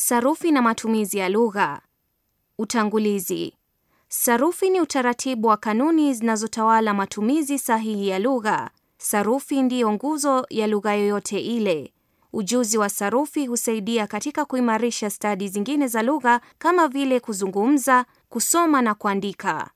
Sarufi na matumizi ya lugha. Utangulizi. Sarufi ni utaratibu wa kanuni zinazotawala matumizi sahihi ya lugha. Sarufi ndiyo nguzo ya lugha yoyote ile. Ujuzi wa sarufi husaidia katika kuimarisha stadi zingine za lugha kama vile kuzungumza, kusoma na kuandika.